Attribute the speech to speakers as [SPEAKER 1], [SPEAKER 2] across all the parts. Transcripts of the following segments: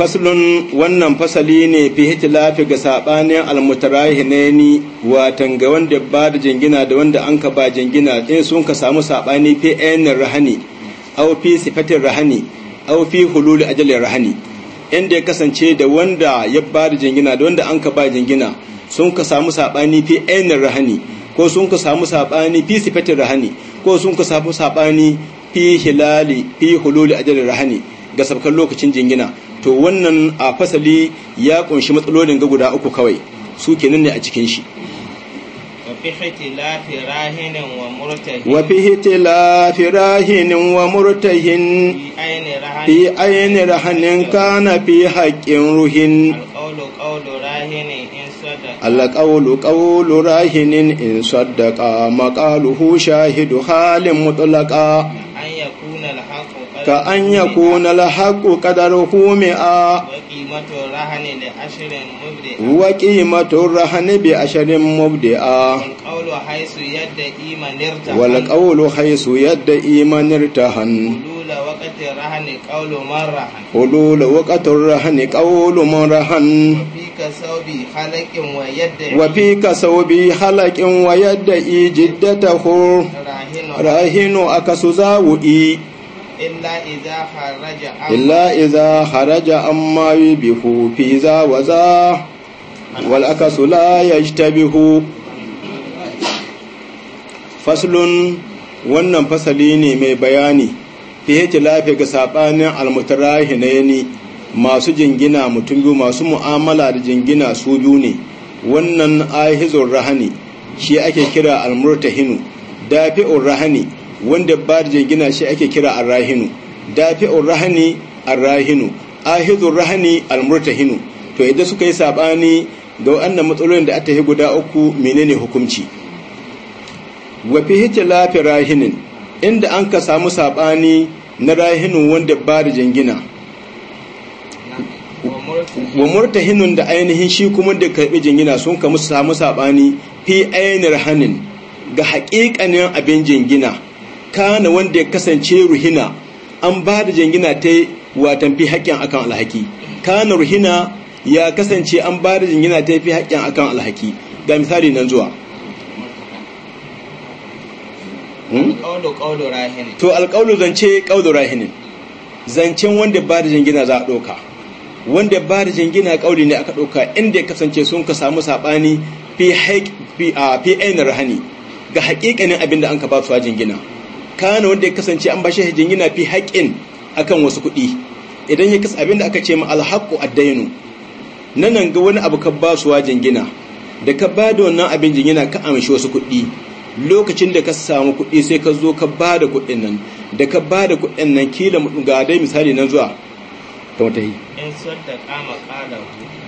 [SPEAKER 1] faslun wannan fasali ne fi hitilafi ga sabanin ni watan ga wanda ba da jingina da wanda an ka ba jingina in sun ka samu saɓani fi ainin rahani au fi sifatin rahani au fi hululi ajalin rahani inda ya kasance da wanda ya ba da jingina da wanda an ka ba jingina sun ka samu saɓani fi ainin rahani ko sun ka samu saɓani fi sifatin rahani ko sun ka samu saɓani. fi hilali fi hululi ajalin rahani ga sabkan lokacin jingina to wannan a fasali ya kunshi matsalolin ga guda uku kawai su nan ne a cikin shi
[SPEAKER 2] wafi hitilafi rahinin
[SPEAKER 1] wa murtahin fi aini rahanin kana fi haƙƙin ruhin alƙaulu ƙaulu rahinin in saddaka maƙaluhu shahidu halin mutulaka
[SPEAKER 2] ka an ya kuna
[SPEAKER 1] lahaku kadar hume a
[SPEAKER 2] waƙi matun rahane
[SPEAKER 1] bi ashirin mubdi a
[SPEAKER 2] walƙaulu haisu
[SPEAKER 1] yadda hannu. han hulula waƙatun rahane ƙaulu man rahan wafi ka sau bi halakin wa yadda i jiddata hu
[SPEAKER 2] a
[SPEAKER 1] aka su i. illa iza haraja amma yubihu fi za wa za wal akasu la yajtabihu faslun wannan fasali ne mai bayani fiye lafi ga sabanin almutarahi na yani masu jingina mutum biyu masu mu'amala da jingina su biyu ne wannan ahizun rahani shi ake kira almurtahinu dafi'un rahani wanda ba da jingina shi ake kira arrahinu dafi'ur rahani arrahinu ahizur rahani almurtahinu to idan suka yi sabani ga wannan matsalolin da aka yi guda uku menene hukunci wa fi hitilafi rahinin inda an ka samu sabani na rahinin wanda ba da jingina wa murtahinun da ainihin shi kuma da karbi jingina sun kamu samu sabani fi ainihin rahanin ga haƙiƙanin abin jingina kana wanda ya kasance ruhina an ba da jingina ta watan fi haƙƙin akan alhaki kana ruhina ya kasance an ba da jingina ta fi haƙƙin akan alhaki ga misali nan zuwa hmm? to alƙaunar zance ƙaunar rahinin zancen wanda ba da jingina za a ɗauka wanda ba da jingina ƙauli ne aka ɗauka inda ya kasance sun ka samu saɓani fi ainihin rahani ga haƙiƙanin abin da an ka ba su a jingina kana wanda ya kasance an bashi hajjin yana fi haƙƙin akan wasu kuɗi idan ya kasa abin da aka ce ma alhaƙu addainu nan ga wani abu ka ba su wajen gina da ka ba da wannan abin jingina ka amshi wasu kuɗi lokacin da ka samu kuɗi sai ka zo ka ba da kuɗin nan da ka ba da kuɗin nan kila ga dai misali nan zuwa ta wata yi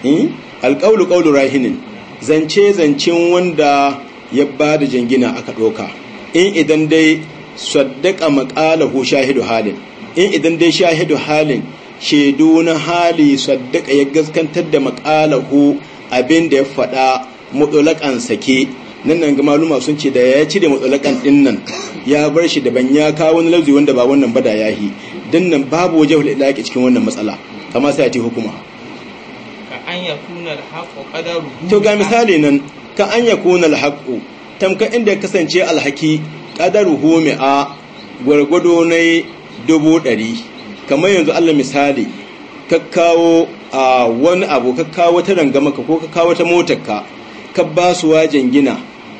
[SPEAKER 1] hmm? alƙaulu ƙaulu rahinin zance zancen wanda ya ba da jingina aka ɗoka in idan dai saddaka maqalahu shahidu halin in idan dai shahidu halin shaidu na hali saddaka ya gaskantar da maqalahu abin da ya fada mutulakan sake nan nan ga maluma sun ce da ya cire mutulakan din nan ya bar shi daban ya kawo wani lafzi wanda ba wannan bada yi din nan babu wajhul ilaqi cikin wannan matsala kama sai a ce hukuma
[SPEAKER 2] ka an yakuna alhaqu ƙadaru
[SPEAKER 1] to ga misali nan ka an ya yakuna alhaqu tamka inda ya kasance alhaki ƙadar home a gwargwado na dubu ɗari kamar yanzu allah misali ka kawo a wani abu ka kawo ta rangamaka ko ka kawo ta motarka ka ba su wajen gina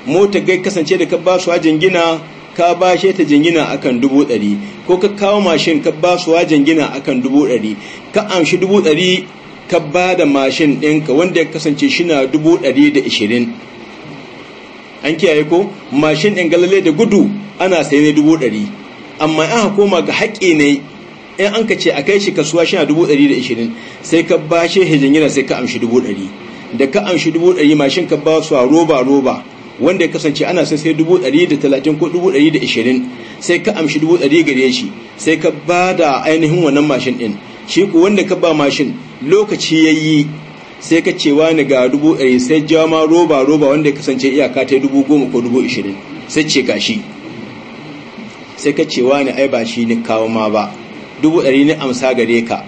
[SPEAKER 1] motar gai kasance da ka ba su wajen gina ka ba shi ta jingina akan dubu ɗari ko ka kawo mashin ka ba su wajen gina akan dubu ɗari ka amshi dubu ɗari ka ba da mashin ɗinka wanda ya kasance shi na dubu ɗari da ishirin an kiyaye ko mashin ɗin galale da gudu ana sai ne dubu ɗari amma an koma ga haƙƙi ne in an ka ce a kai shi kasuwa shi na dubu ɗari da ishirin sai ka ba shi hijingina sai ka amshi dubu ɗari da ka amshi dubu ɗari mashin ka ba su a roba roba wanda ya kasance ana sai sai dubu ɗari da talatin ko dubu ɗari da ishirin sai ka amshi dubu ɗari gare shi sai ka ba da ainihin wannan mashin ɗin shi ku wanda ka ba mashin lokaci ya yi sai ka ce wani ga dubu ɗari eh, sai jawo ma roba roba wanda ya kasance iyaka ta dubu goma ko dubu ishirin sai ce ga shi sai ka ce wani ai ba shi ni kawo ma ba dubu ɗari ni amsa gare ka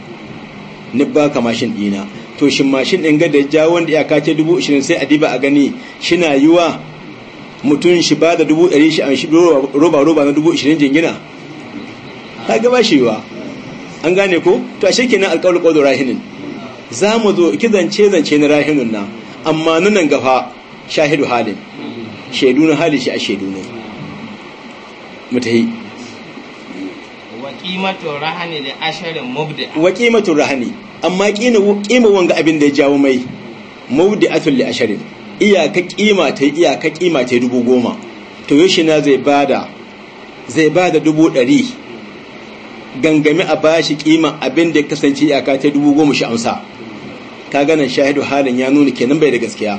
[SPEAKER 1] ni ba ka mashin ɗina to shin mashin ɗin ga da jawo wanda iyaka ta dubu ishirin sai a diba a gani shi na yi wa mutum shi ba da dubu ɗari shi an shi roba roba na dubu ishirin jingina ka gaba shi wa an gane ko to a kenan alƙawar ƙwazo rahinin za mu zo kizance zance na rahinun na amma nunan gafa shahidu halin shaidu na halin shi a shaidu ne mutahi
[SPEAKER 2] waƙimatun rahani da ashirin mubda
[SPEAKER 1] waƙimatun rahani amma ƙima wanga abin da ya jawo mai mubda atul da ashirin iyaka ƙima ta iyaka ƙima ta dubu goma to yoshi na zai bada zai bada dubu ɗari gangami a bashi ƙima abin da ya kasance iyaka ta dubu goma shi amsa ka ganin shahidu halin ya nuna kenan bai da gaskiya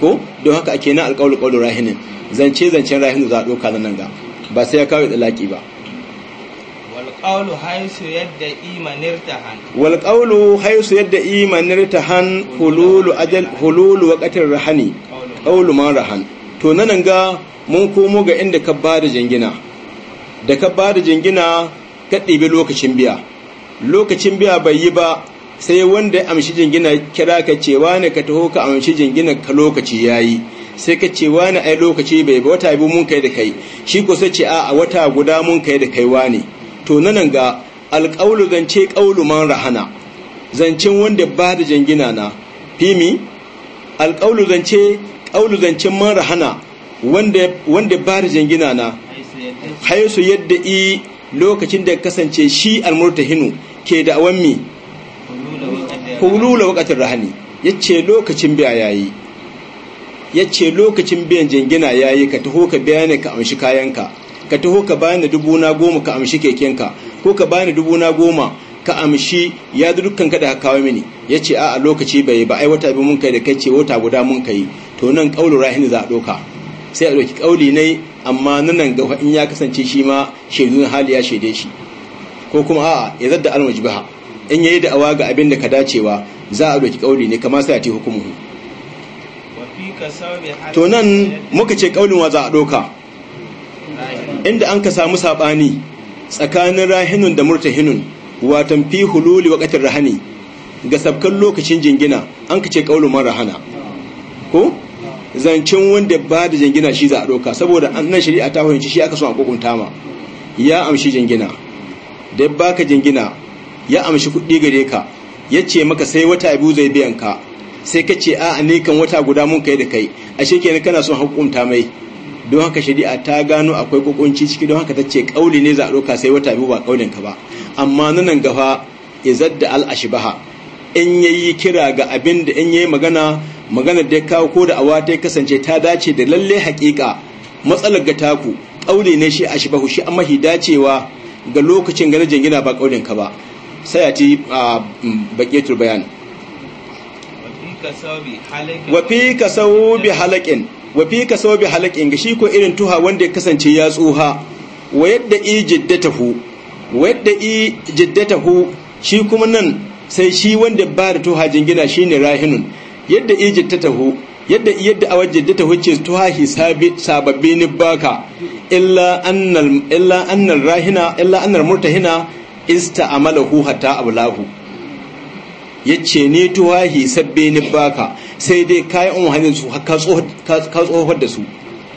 [SPEAKER 1] ko don haka ake na alƙawul ƙaulu rahinin zance zancen rahinu za a ɗauka nan ga ba sai ya kawo ɗalaƙi ba
[SPEAKER 2] walƙaulu haisu yadda imanir tahan
[SPEAKER 1] walƙaulu haisu yadda imanir tahan hululu ajal hululu waqatir rahani ƙaulu ma rahan to nan ga mun komo ga inda ka ba da jingina da ka ba da jingina ka ɗibi lokacin biya lokacin biya bai yi ba sai wanda ya amshi jingina kira ka wa ne ka taho ka amshi jingina ka lokaci ya yi sai ka ce wani ai lokaci bai ba wata biyu mun kai da kai shi ko sai ce a wata guda mun kai da kai wani to nanan ga alƙaulu zance ƙaulu man rahana zancen wanda ba da jingina na fimi alƙaulu zance ƙaulu zancen man rahana wanda wanda ba da jingina na haisu yadda i lokacin da kasance shi almurtahinu ke da awanmi hulula wakatin rahani ya ce lokacin biya ya yi ya ce lokacin biyan jingina ya yi ka taho ka biya ne ka amshi kayanka ka taho ka bayan da dubu na goma ka amshi kekenka ko ka bayan da dubu na goma ka amshi ya da dukkan kada ka kawo mini ya ce a lokaci bai ba ai wata bi mun kai da kai ce wata guda mun kai to nan kaulu rahin za a doka sai a doki kauli ne amma nan ga in ya kasance shi ma shaidun hali ya shaide shi ko kuma a'a ya zadda almajbaha in yayi awa ga abin da ka dacewa za a doki kauli ne kamar sai a ti hukumu to nan muka ce kaulin wa za a doka inda an ka samu sabani tsakanin rahinun da murtahinun watan fi hululi waqatir rahani ga sabkan lokacin jingina an ka ce kaulin man rahana ko zancen wanda ba da jingina shi za a doka saboda an nan shari'a ta fahimci shi aka so a kokunta ma ya amshi jingina da ka jingina ya amshi kuɗi gare ka ya ce maka sai wata biyu zai biyan ka sai ka ce a ne kan wata guda mun kai da kai ashe kenan kana son hukunta mai don haka shari'a ta gano akwai kokunci ciki don haka ta ce kauli ne za a ɗauka sai wata biyu ba kaulin ka ba amma nan gaba ya al al'ashibaha in ya yi kira ga abin da in yi magana magana da ya kawo ko da awa ta kasance ta dace da lalle hakika matsalar ga taku kauli ne shi ashbahu shi amma mahi dacewa ga lokacin ganin jingina ba kaulin ka ba sai a ci baƙetul bayan wafi ka sau bi halakin Wafi ka sau bi halakin ga shi ko irin tuha wanda ya kasance ya tsuha wa yadda i hu wa yadda i hu shi kuma nan sai shi wanda ba da tuha jingina shine rahinun yadda i hu yadda yadda a wajen hu ce tuha tuhahi sababbi ni baka illa annal illa annal rahina illa annal murtahina ista amalahu hatta ablahu yace ne to tuwahi sabbe ni baka sai dai on hanin su ka tsohon da su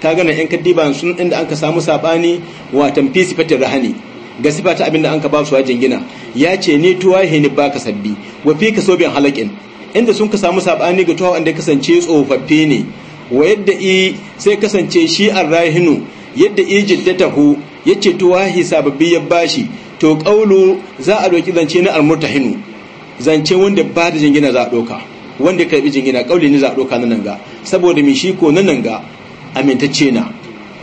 [SPEAKER 1] ka gana yan kaddiba sun inda an ka samu sabani wa fi sifatin rahani ga sifata abinda an ka ba su wajen gina yace ne to tuwahi ni baka sabbi wa fi ka sobin halakin inda sun ka samu sabani ga tuwa wanda kasance tsofaffi ne wa yadda i sai kasance shi arrahinu yadda i jiddatahu ya ce tuwahi sababbi ya bashi to ƙaulu za a ɗauki zance na almurtahinu zance wanda ba da jingina za a ɗauka wanda karɓi jingina ƙauli ne za a ɗauka nan ga saboda mai shi ko nan ga amintacce na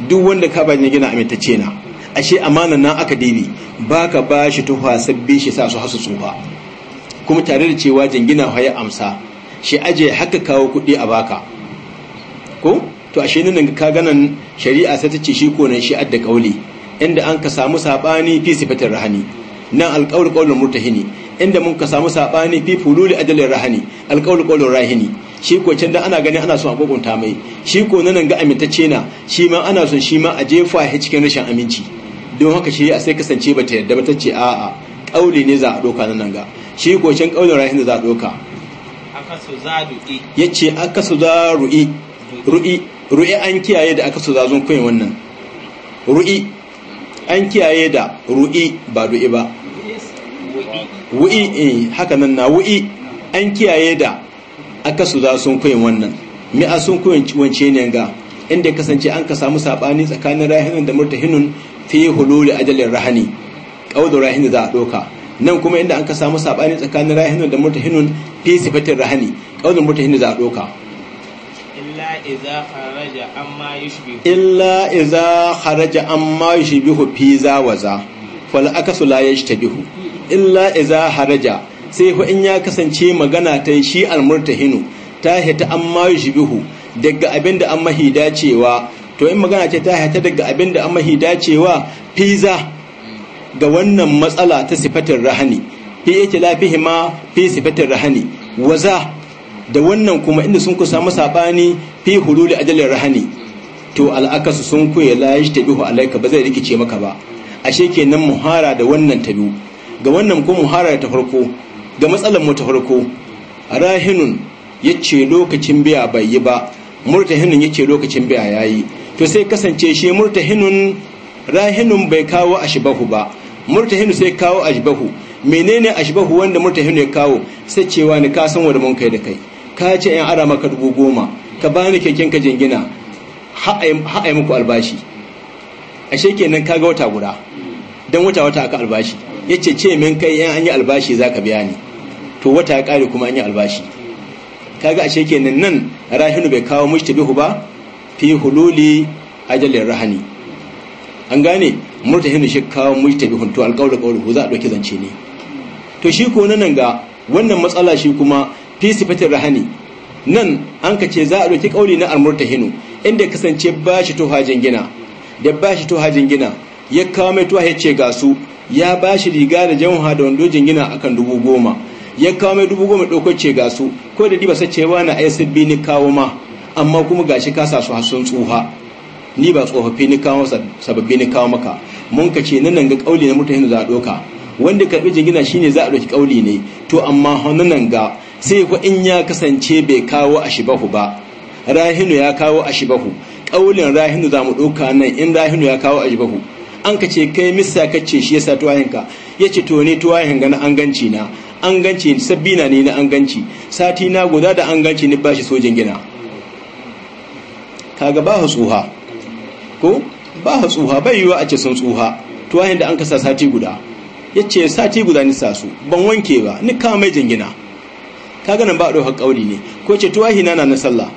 [SPEAKER 1] duk wanda ka ba jingina amintacce na ashe amanan na aka dibi ba ka ba shi tuha sabbi shi sa su hasu tsufa kuma tare da cewa jingina haya amsa shi aje haka kawo kuɗi a baka ko to ashe nan ka ganan shari'a sai ta ce shi ko nan shi adda ƙauli inda an ka samu sabani fi sifatin rahani nan alqaul murtahi murtahini inda mun ka samu sabani fi fululi ajalin rahani alqaul qaulur rahini shi ko can da ana gani ana son a kokunta mai shi ko nan ga amintacce na shi ma ana son shi ma a jefa shi cikin rashin aminci don haka shi a sai kasance ba ta yarda ba ta ce a'a ƙauli ne za a ɗauka nan ga shi ko can kaulin rahini za a ɗauka. ya ce aka su za ru'i ru'i ru'i an kiyaye da aka su za zon koyin wannan ru'i an kiyaye da ru'i ba du'i ba wu'i eh, haka nan na wu'i an kiyaye da aka su za sun koyin wannan mi'a sun koyin wance ne ga inda kasance an ka samu sabani tsakanin rahinin da murtahinun fi hululi ajalin rahani kaudu rahin za a doka nan kuma inda an ka samu sabani tsakanin rahinin da murtahinun fi sifatin rahani kaudu murtahin za a doka
[SPEAKER 2] illa idza kharaja amma yushbihu illa
[SPEAKER 1] idza kharaja amma yushbihu fi zawaza fal akasu la yashtabihu illa idza kharaja sai fa in ya kasance magana ta shi almurtahinu ta hita amma yushbihu daga abinda an mahi dacewa to in magana ce ta hita daga abinda an mahi dacewa fiza ga wannan matsala ta sifatin rahani fi yake lafihi ma fi sifatin rahani waza da wannan kuma inda sun kusa masa bani fi hululi ajalin rahani to al'akasu sun kuya ta bihu alaika ba zai rikice maka ba ashe kenan muhara da wannan ta biyu ga wannan kuma muhara ta farko ga matsalar mu ta farko rahinun yace lokacin biya bai yi ba murtahinun yace lokacin biya yayi to sai kasance shi murtahinun rahinun bai kawo ashbahu ba murtahinu sai kawo ashbahu menene ashbahu wanda murtahinu ya kawo sai cewa ni ka san wanda mun kai da kai ka ce yan ara maka dubu goma ka bani keken ka jingina ha'ai muku albashi A ashe ka kaga wata guda don wata wata aka albashi ya ce ce min kai yan an yi albashi za ka biya ni to wata ya kare kuma an yi albashi kaga a kenan nan rahinu bai kawo mushtabihu ba fi hululi ajalin rahani an gane hinu shi kawo hun, to alƙawar ƙawar za a ɗauki zance ne to shi ko nan ga wannan matsala shi kuma fi sifatin rahani nan an ka ce za a ɗauki kauli na almurtahinu inda kasance ba shi tuha jingina da ba shi tuha jingina ya kawo mai tuha ya ce ga su ya ba shi riga da jamha da wando jingina akan dubu goma ya kawo mai dubu goma ɗaukar ce ga su ko da diba sace ba na asb ni kawo ma amma kuma ga ka sa su hasun tsuha ni ba tsofaffi ni kawo sababbi ni kawo maka mun ka ce nan ga ƙauli na murtahinu za a ɗauka wanda karɓi jingina shine za a ɗauki ƙauli ne to amma hannunan ga sai ku in ya kasance bai kawo ashibahu ba rahinu ya kawo ashibahu ƙaulin rahinu mu ɗauka nan in rahinu ya kawo ashibahu an ka ce kai misa ka ce shi yasa tuwahinka ya ce to tuwayen tuwahin gana an ganci na an ganci sabbina ne na an ganci sati na guda da an ganci ni ba shi sojin gina kaga ba tsuha ko ba tsuha bai yiwa a ce sun tsuha tuwayen da an kasa sati guda ya ce sati guda ni su. ban wanke ba ni kama mai jingina ka ganin ba a ɗaukar ƙauni ne ko ce tuwahi na na sallah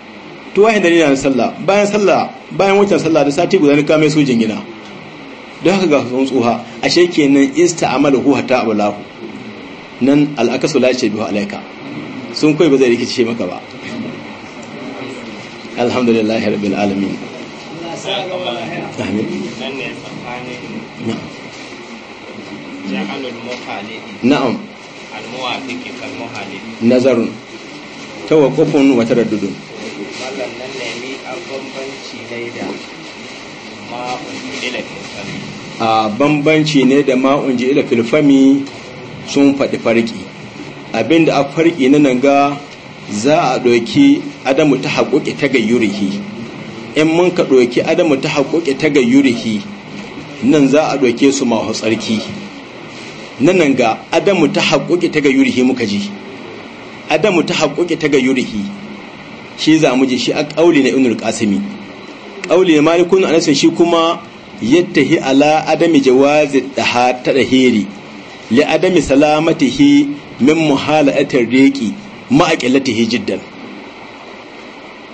[SPEAKER 1] tuwahi da na sallah bayan sallah bayan wancan sallah da sati guda ni kame su jingina don haka ga sun a nan ashe kenan ista'amalu hu hatta abalahu nan al'akasu la biyu alaika sun kai ba zai rikici shi maka ba alhamdulillahi rabbil alamin na'am nazarun tawaqqufun wa wata mallan a bambanci ne da ma'un ila filfami bambanci ne da ji ila filfami sun faɗi farki abinda a farki na nan ga za a ɗauki adamu ta haƙoƙi ta gayyurihi in mun ka ɗauki adamu ta haƙoƙi ta gayyurihi nan za a ɗauke su mahu tsarki na nan ga adamu ta haƙoƙi ta ga yurihi muka ji adamu ta haƙoƙi ta ga yurihi shi za mu ji shi a ƙauli na inul ƙasimi ƙauli na malikun anas shi kuma yadda hi ala adami jawazi daha ta heri li adami hi min muhalatir riqi ta hi jiddan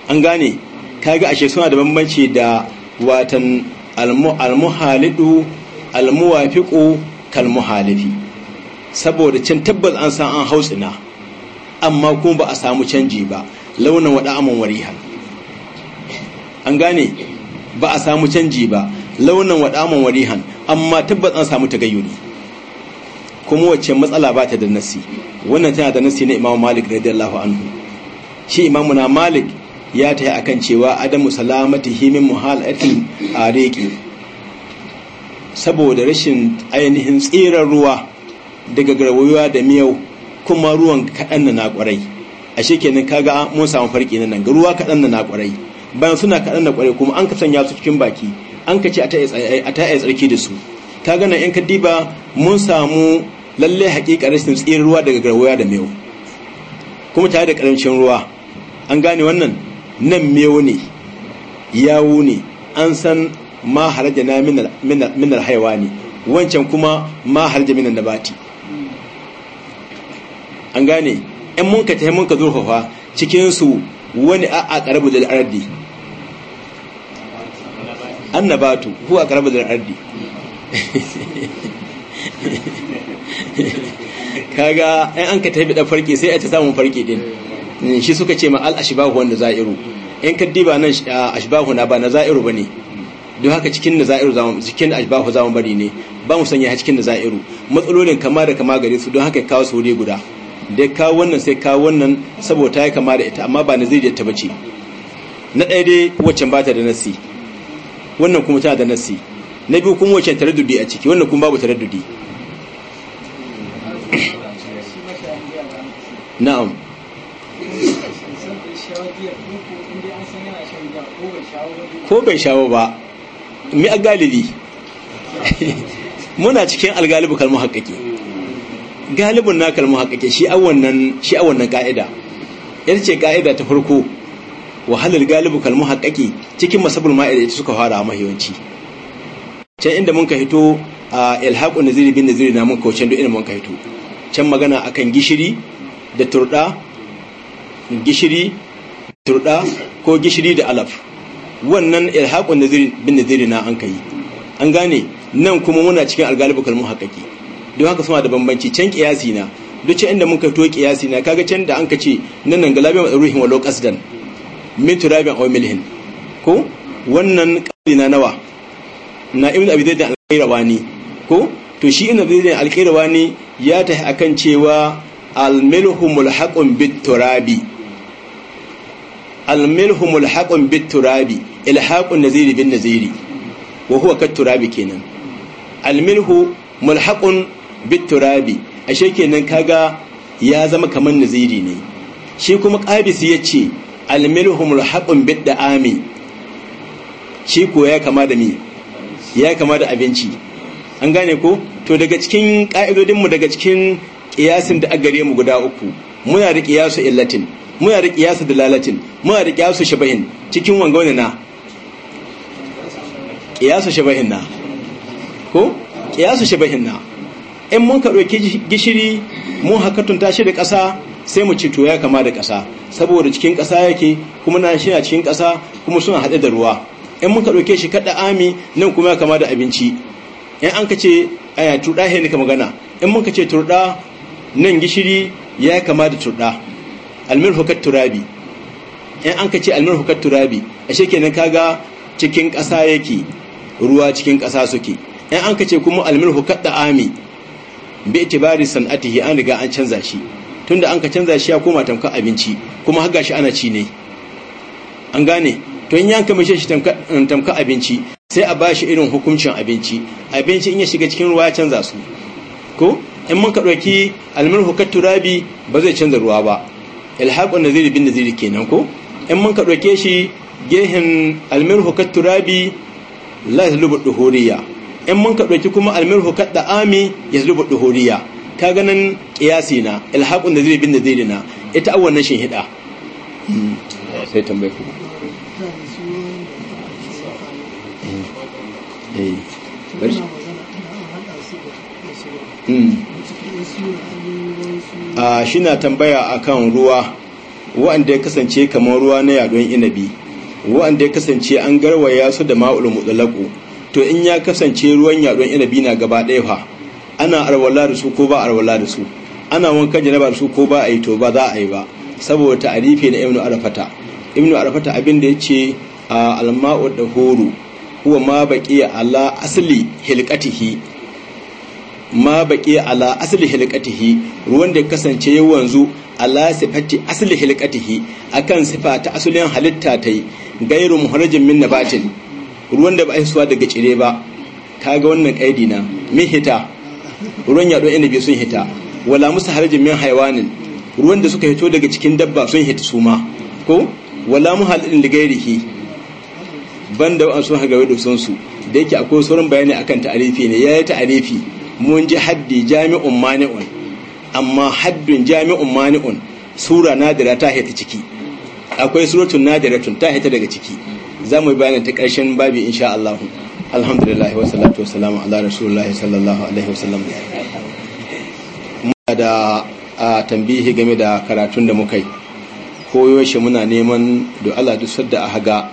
[SPEAKER 1] an gane ka ga ashe suna da bambanci da watan almuhalidu almuwafiƙu kalmuhalifi saboda can tabbas an san an hautsina amma kuma ba a samu canji ba launin wada aman warihan an gane ba a samu canji ba launin wada aman warihan amma tabbas an samu tagayyuri kuma wacce matsala ba ta da nasi wannan tana da nasi na imam malik radiyallahu anhu shi imamu na malik ya ta yi akan cewa adamu salamati himin muhalatin a reki saboda rashin ainihin tsirar ruwa daga garwayowa da miyau kuma ruwan kaɗan na kwarai a shekenin kaga mun samu farki na nan ga ruwa kaɗan na naƙwarai bayan suna kaɗan na ƙwarai kuma an ka sanya su cikin baki an ka ce a ta yi tsarki da su ta gana in ka diba mun samu lalle haƙiƙa rashin tsirin ruwa daga garwaya da miyau. kuma tare da ƙaramcin ruwa an gane wannan nan miyau ne yawu ne an san ma harajana minar haiwa ne wancan kuma ma harajana minar nabati an gane in mun ka tahi mun ka zurfafa cikin su wani a an na ba tu huwa aqrabu da ardi kaga in an ka tafi da farke sai a ta samun farke din mm, shi suka ce ma al’ashibahu wanda za'iru in ka diba nan ashibahu na ba na za'iru ne don haka cikin da za'iru cikin ashbahu zamu bari ne ba mu sanya cikin da za'iru matsalolin kama da kama gare su don haka kawo su wuri guda da ya kawo wannan sai kawo wannan saboda ya kama da ita amma ba zai ta bace na ɗaya dai waccan ba ta da nasi wannan kuma tana da nasi na biyu kuma waccan taraddudi a ciki wannan kuma babu taraddudi na'am ko bai shawo ba mi a galibi muna cikin algalibu kalmar haƙƙi. galibin na kalmu haƙaƙe shi a wannan ƙa'ida yadda ce ƙa'ida ta farko wahalar galibu kalmu haƙaƙe cikin masabul ma'ida ita suka fara a mahiwanci can inda mun ka hito a ilhaƙun ziri bin ziri na mun kaucen duk inda mun ka hito can magana akan gishiri da turɗa gishiri turɗa ko gishiri da alaf wannan ilhaƙun ziri bin ziri na an ka yi an gane nan kuma muna cikin algalibu kalmu haƙaƙe don haka suna da bambanci can kiyasi na duk can inda muka to kiyasi na kaga can da an ka ce nan nan galabin ruhin walau qasdan min turabin aw milhin ko wannan qadi na nawa na ibnu abi zaid al-qayrawani ko to shi ibnu abi zaid al-qayrawani ya tahi akan cewa al-milhu mulhaqun bit turabi al-milhu mulhaqun bit turabi ilhaqun naziri bin naziri wa huwa kat turabi kenan al-milhu mulhaqun biturabi ashe kenan kaga ya zama kamar naziri ne shi kuma qabis yace almilhum rahabun bid'ami shi ko ya kama da mi ya kama da abinci an gane ko to daga cikin ka'idodin mu daga cikin ƙiyasin da gare mu guda uku muna da kiyasu illatin muna da kiyasu dalalatin muna da kiyasu shabahin cikin wangaune na kiyasu shabahin na ko kiyasu shabahin na in mun ka ɗauki gishiri mun tunta shi da ƙasa sai mu ci to ya kama da ƙasa saboda cikin ƙasa yake kuma na shi a cikin ƙasa kuma suna haɗe da ruwa in mun ka ɗauke shi kaɗa ami nan kuma ya kama da abinci in an ka ce aya turɗa tuɗa ya ka magana in mun ka ce turɗa nan gishiri ya kama da turɗa almir hukat turabi in an ka ce almir hukat turabi ashe kenan kaga cikin ƙasa yake ruwa cikin ƙasa suke in an ka ce kuma almir hukat da ami bi itibari san'atihi an riga an canza shi tunda an ka canza shi ya koma tamkar abinci kuma har gashi ana ci ne an gane to in yanka mace shi um, tamkar abinci sai a bashi irin hukuncin abinci abinci in ya shiga cikin ruwa ya canza su ko in mun ka dauki almirhu kat turabi ba zai canza ruwa ba ilhaqun naziri bin naziri kenan ko in mun ka dauke shi gehen almirhu kat turabi la yaslubu duhuriya in mun ka ɗauki kuma almirhu kadda ami ya zuba ɗuhuriya ka ganin ƙiyasi na ilhaƙun da bin da na ita awwan nan shin hida
[SPEAKER 2] hmm. sai tambaye
[SPEAKER 1] ku hmm. eh. a hmm. ah, shi na tambaya a kan ruwa wa'anda ya kasance kamar ruwa na yaɗon inabi wa'anda ya kasance an garwaya su da ma'ul mutsalaku to in ya kasance ruwan yaɗon inabi na gaba ɗaya fa ana arwala da su ko ba arwala da su ana wanka janaba da su ko ba a yi to ba za a yi ba saboda ta'arifi na ibnu arafata ibnu arafata abin da a alma'u da horo huwa ma baqiya ala asali hilqatihi ma ala asali hilqatihi ruwan da kasance yawanzu wanzu ala sifati asali hilqatihi akan sifa ta asalin halitta yi gairu muharrajin min nabatin ruwan da ba a hisuwa daga cire ba ga wannan kaidi na min hita ruwan yaɗo inabi sun hita wala musu harajin min haiwanin ruwan da suka hito daga cikin dabba sun hita su ma ko wala mu halin da gairiki ban da wa'an sun hagawa da sun su da yake akwai sauran bayani akan ta'arifi ne ya yi ta'arifi mun ji haddi jami'un mani'un amma haddin jami'un mani'un sura nadira ta hita ciki akwai suratun nadiratun ta hita daga ciki za mu yi bayanin ta ƙarshen babi insha Allah alhamdulillah wa salatu wa salamu ala rasulullahi sallallahu alaihi sallam muna da tambihi game da karatun da muka yi ko yaushe muna neman da Allah duk sadda a haga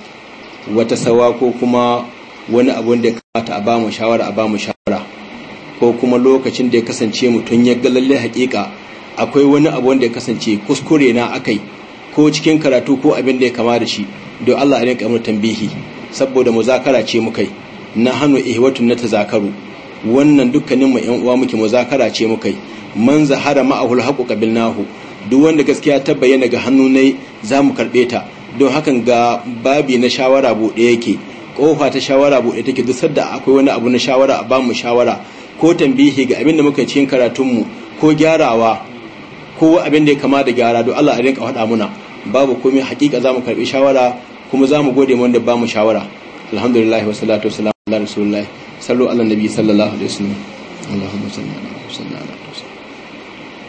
[SPEAKER 1] wata sawa ko kuma wani abu da ya kamata a bamu shawara a bamu shawara ko kuma lokacin da ya kasance mutum ya ga lalle hakika akwai wani abu wanda ya kasance kuskure na akai ko cikin karatu ko abin da ya kama da shi don Allah a rinka mu tambihi saboda muzakara ce mu kai na hannu ihwatun na tazakaru wannan dukkanin mu yan uwa muke muzakara ce mu kai man zahara ma'ahul haqu qabilnahu duk wanda gaskiya ta bayyana ga hannu ne zamu karɓe ta don hakan ga babi na shawara bude yake kofa ta shawara bude take duk sadda akwai wani abu na shawara a ba mu shawara ko tambihi ga abin da muka cikin karatunmu ko gyarawa ko abin da ya kama da gyara don Allah a rinka faɗa muna babu komai hakika za mu karbi shawara kuma za mu gode wanda ba mu shawara alhamdulillah wa salatu wa salam ala
[SPEAKER 2] rasulillah sallu ala nabi sallallahu alaihi wasallam allahumma salli ala